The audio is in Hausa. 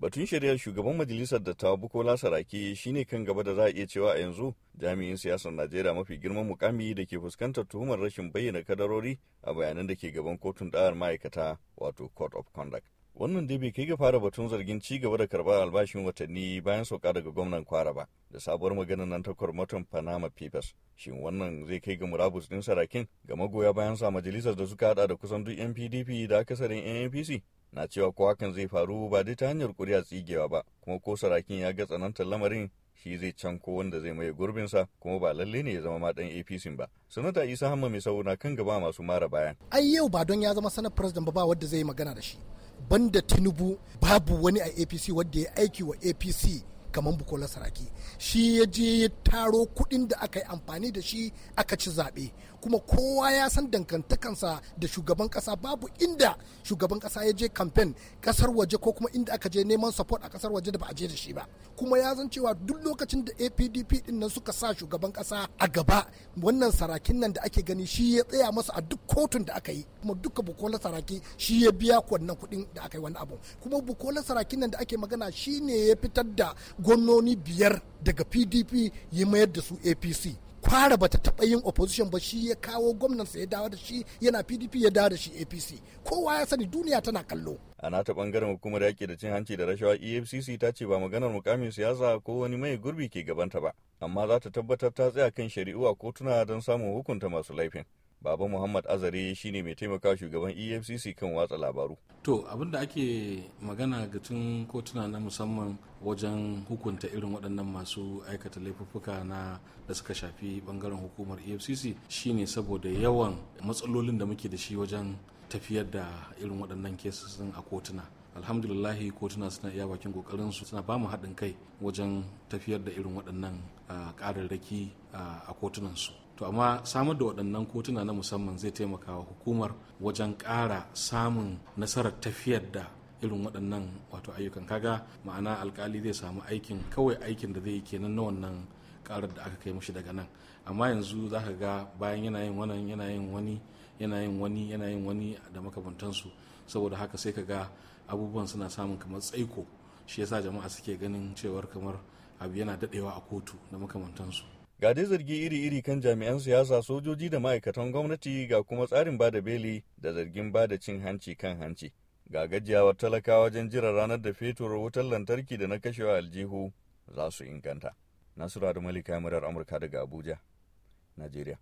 Batun shari'ar shugaban majalisar dattawa Bukola Sarake shine kan gaba da za a iya cewa a yanzu jami'in siyasar Najeriya mafi girman mukami da ke fuskantar tuhumar rashin bayyana kadarori a bayanan da ke gaban kotun ɗawar ma'aikata wato Court of Conduct. Wannan dai bai kai ga fara batun zargin ci gaba da karbar albashin watanni bayan sauka daga gwamnan Kwara ba da sabuwar maganar nan ta kwarmaton Panama Papers. Shin wannan zai kai ga murabus ɗin sarakin ga magoya bayan sa majalisar da suka hada da kusan duk NPDP da akasarin NNPC? na cewa ko hakan zai faru ba dai ta hanyar kuri'a tsigewa ba kuma ko sarakin ya ga tsanantar lamarin shi zai can ko wanda zai maye gurbinsa kuma ba lalle ne ya zama ma dan APC ba. Sanata Isa Hamma mai na kan gaba masu mara bayan. Ai yau ba don ya zama sanar president ba ba wanda zai magana da shi. Banda Tinubu babu wani a APC wanda ya aiki wa APC kamar bukola saraki shi ya je ya taro kuɗin da aka yi amfani da shi aka ci zaɓe kuma kowa ya san dangantakansa da shugaban ƙasa babu inda shugaban ƙasa ya je kamfen ƙasar waje ko kuma inda aka je neman support a ƙasar waje da ba a je da shi ba kuma ya zan cewa duk lokacin da apdp din nan suka sa shugaban ƙasa a gaba wannan sarakin nan da ake gani shi ya tsaya masa a duk kotun da aka yi kuma duka bukola saraki shi ya biya wannan kuɗin da aka yi wani abu kuma bukola sarakin nan da ake magana shi ne ya fitar da gwamnoni biyar daga pdp yi mayar da su apc kwara bata taɓa yin opposition ba shi ya kawo gwamnansa ya dawo da shi yana pdp ya dawo da shi apc kowa ya sani duniya tana kallo a nata bangaren hukumar yaƙi da cin hanci da rashawa efcc ta ce ba maganar mukamin siyasa ko wani mai gurbi ke gabanta ba amma za ta tabbatar ta tsaya kan shari'u a kotuna don samun hukunta masu laifin Baba Muhammad Azare shine mai taimaka shugaban EFCC kan watsa labaru. To abin da ake magana ga tun kotuna na musamman wajen hukunta irin waɗannan masu aikata laifuffuka na da suka shafi ɓangaren hukumar EFCC shine saboda yawan matsalolin da muke da shi wajen tafiyar da irin waɗannan kesusin a kotuna. alhamdulillahi kotuna suna iya bakin kokarin su suna bamu haɗin kai wajen tafiyar da irin waɗannan ah, ƙararraki ah, a kotunansu. to amma samar da waɗannan kotuna na musamman zai taimaka wa hukumar wajen ƙara samun nasarar tafiyar da irin waɗannan wato ayyukan kaga ma'ana alkali zai samu aikin kawai aikin da zai yi kenan na wannan ƙarar da aka kai mushi daga nan amma yanzu za ka ga bayan yana yin wannan yana yin wani yana yin wani yana yin wani da makamantansu saboda haka sai ka ga abubuwan suna samun kamar tsaiko shi yasa jama'a suke ganin cewar kamar abu yana dadewa a kotu da makamantansu Ga dai zargi iri-iri kan jami'an siyasa, sojoji da ma'aikatan gwamnati ga kuma tsarin bada beli da zargin ba da cin hanci kan hanci. Ga gajiyawar talaka wajen jira ranar da fetur wutar lantarki da na kashewa aljihu za su inganta. Nasiru da Malika Murar Amurka daga Abuja, Najeriya.